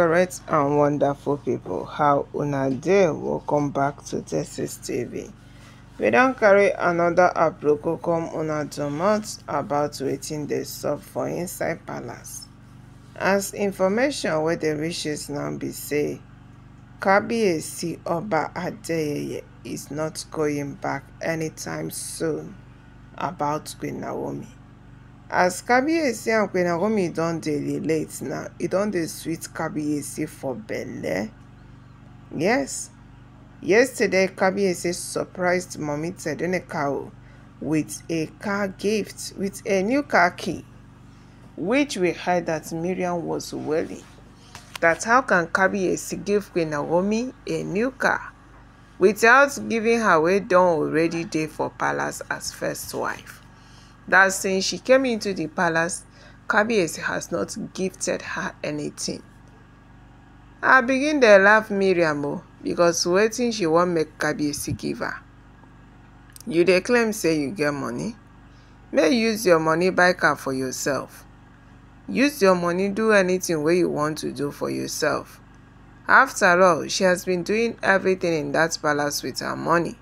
correct and wonderful people. how una dey welcome back to texas tv we don carry another aproko come una domot about wetin dey sup for inside palace as information wey dey reaches now be say kabiyesi oba adeyeye is not going back anytime soon about queen naomi as kabiyesi and queen naomi don dey relate now e don dey sweet kabiyesi for belle yes yesterday kabiyesi surprised mummy tedunekao with a car gift with a new car key which we heard that miriam was wearing that how can kabiyesi give queen a new car without giving her wey don already dey for palace as first wife That since she came into the palace, Kabiesi has not gifted her anything. I begin to laugh Miriam o oh, because waiting, she won't make Kabiesi give her. You dey claim say you get money? may use your money buy car for yourself. Use your money do anything where you want to do for yourself. After all, she has been doing everything in that palace with her money.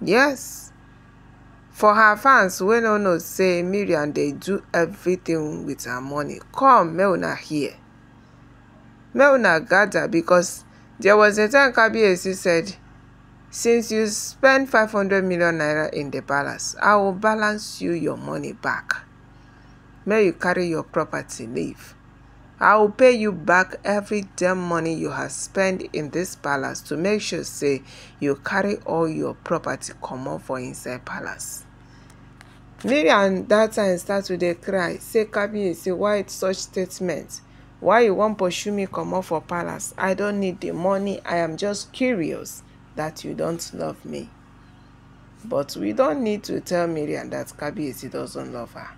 Yes, for her fans wey no know say miriam dey do everything with her money come make una hear make una gather because there was a time kabiyesi said since you spend 500 million naira in the palace i will balance you your money back May you carry your property leave I will pay you back every damn money you have spent in this palace to make sure say you carry all your property comot for inside palace. Miriam that time starts with a cry say say why it's such statement? Why you wan pursue me comot for palace? I don't need the money. I am just curious that you don't love me. But we don't need to tell Miriam that Kabiyesi doesn't love her.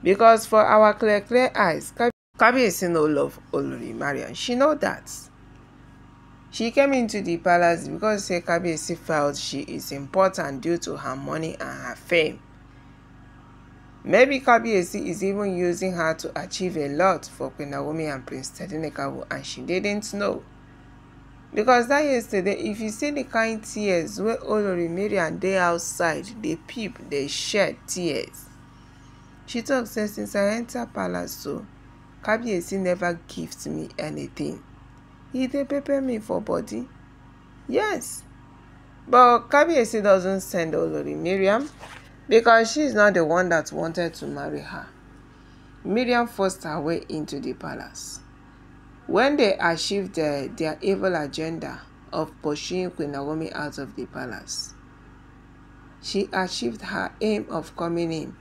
Because for our clear clear eyes, Kabiyesi Kabiyesi no love Olori Marian. She know that. She came into the palace because say Kabiyesi felt she is important due to her money and her fame. Maybe Kabiyesi is even using her to achieve a lot for Queen Naomi and Prince Tedinekabu and she didn't know. Because that yesterday, if you see the kind tears where Olori Mariam dey outside, they peep, they shed tears. She talks since I enter palace so, Kabiyesi never gift me anything. He dey pepper me for body. Yes. But Kabiyesi doesn't send Olori Miriam because she is not the one that wanted to marry her. Miriam forced her way into the palace. When they achieved their, their evil agenda of pushing Queen Naomi out of the palace, she achieved her aim of coming in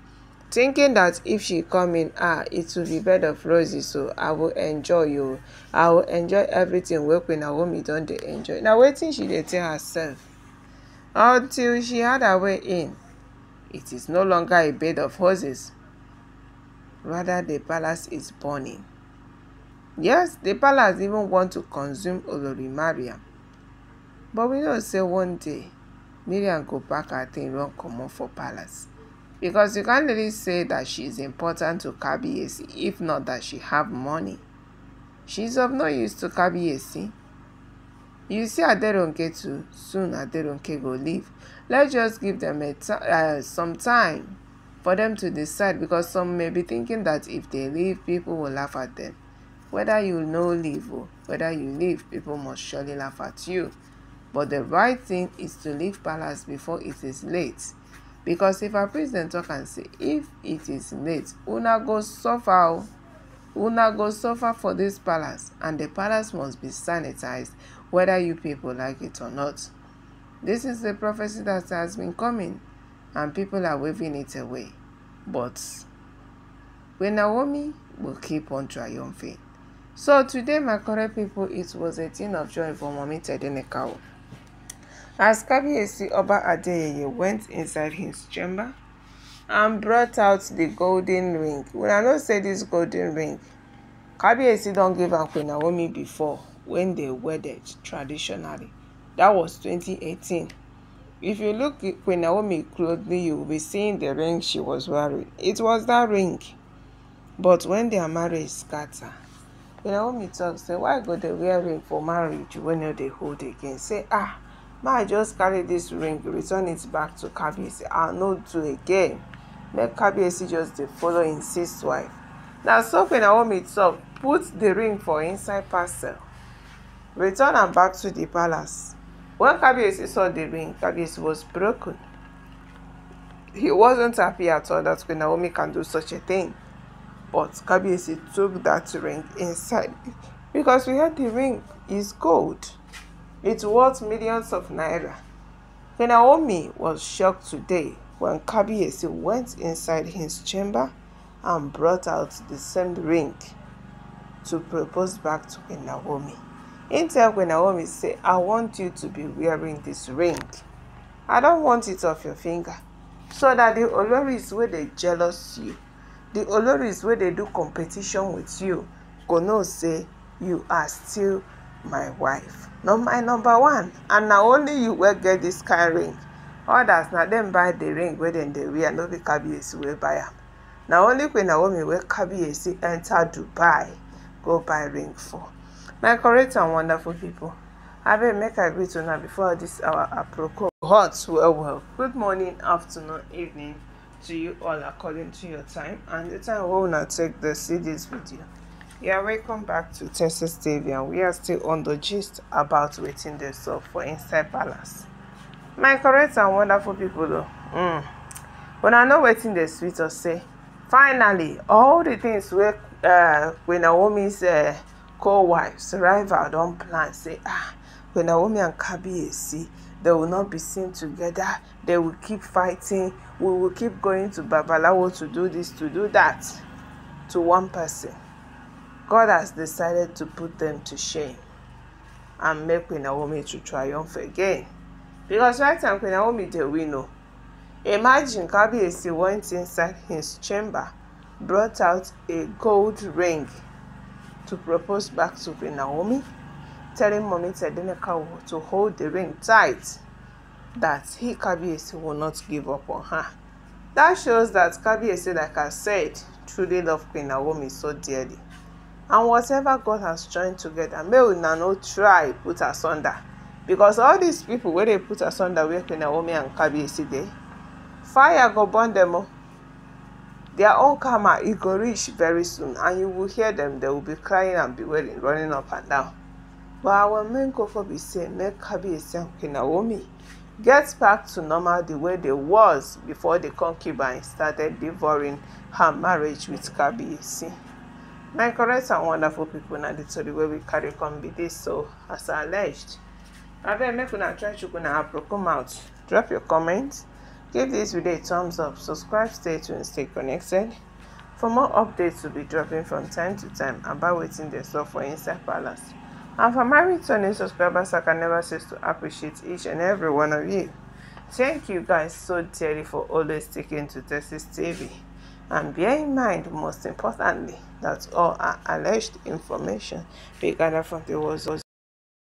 thinking that if she come in ah it will be bed of roses so i will enjoy you. Oh. i will enjoy everything wey queen naomi don dey enjoy Now, waiting, she dey tell herself until she had her way in it is no longer a bed of roses rather the palace is burning yes the palace even want to consume olori Maria. but we know say one day mariam go pack her thing run comot for palace because you can't really say that she is important to Kabiyesi if not that she have money. She is of no use to Kabiyesi. You see Aderonke too, soon Aderonke go leave. Let's just give them a t- uh, some time for them to decide because some may be thinking that if they leave, people will laugh at them. Whether you know leave or whether you leave, people must surely laugh at you. But the right thing is to leave palace before it is late. because if our president talk am say if it is late una go suffer o una go suffer for dis palace and di palace must be sanitized whether you people like it or not this is the prophecy that has been coming and people are waving it away but when naomi will keep on triumphing so today my correct people it was a thing of joy for mommy tedenekao As Kabiyesi Oba Adeyeye went inside his chamber and brought out the golden ring. Una know say this golden ring, Kabiyesi don give am Queen Naomi before when they wedded traditionally. That was 2018. If you look at Queen Naomi closely, you will be seeing the ring she was wearing. It was that ring. But when their marriage scatter, Queen Naomi talk say, why go dey wear ring for marriage when they hold again? Say, ah, May i just carry this ring return it back to kabiyesi i not do again make kabiyesi just the follow sis wife Now, so queen naomi talk put the ring for inside parcel return and back to the palace when kabiyesi saw the ring kabiyesi was broken he wasn't happy at all that queen naomi can do such a thing but kabiyesi took that ring inside because we had the ring is gold. It's worth millions of naira. Naomi was shocked today when Kabiyesi went inside his chamber and brought out the same ring to propose back to Queen Naomi. He tell Naomi say, I want you to be wearing this ring. I don't want it off your finger. So that the Oloris wey dey jealous you, the Oloris wey dey do competition with you, go know say you are still my wife na my number one and na only you wey get dis kind ring others na dem buy di ring wey dem dey wear no be kabiyesi wey buy am na only queen naomi wey kabiyesi enter dubai go buy ring for my correct and wonderful pipo abeg make i greet una before dis our aproko hot well well good morning afternoon evening to you all according to your time and the time wey una take dey see dis video yeah, welcome back to Texas TV and we are still on the gist about waiting the sup for inside balance. my correct and wonderful people though mm. una know waiting the sweet us say finally all the things where uh, queen naomi's uh, co-wives rival don plan say ah when naomi and Kabi see they will not be seen together they will keep fighting we will keep going to babalawo to do this to do that to one person God has decided to put them to shame and make Queen Naomi to triumph again. Because right now Queen Naomi dey win o. Oh. Imagine Kabiyesi went inside his chamber, brought out a gold ring to propose back to Queen Naomi, telling Mummy Tedinneka to hold the ring tight that he Kabiyesi will not give up on her. That shows that Kabiyesi, like I said, truly loved Queen Naomi so dearly and whatever God has joined together make una no try put asunder because all these people wey they put asunder we Queen Naomi and Kabiyesi dey fire go burn them o oh. their own karma it go reach very soon and you will hear them they will be crying and bewailing running up and down but our main goal for be say make Kabiyesi and Queen Naomi oh, get back to normal the way they was before the concubine started devouring her marriage with Kabiyesi my correct and wonderful people, na di tori wey we carry come be this. so as alleged abeg make una try chook una aproko out. drop your comment give this video a thumbs up subscribe stay tuned stay connected for more updates to be dropping from time to time about wetin dey sup for inside palace and for my returning subscribers i can never cease to appreciate each and every one of you thank you guys so dearly for always sticking to Texas TV and bear in mind most importantly that all alleged information be gathered from the words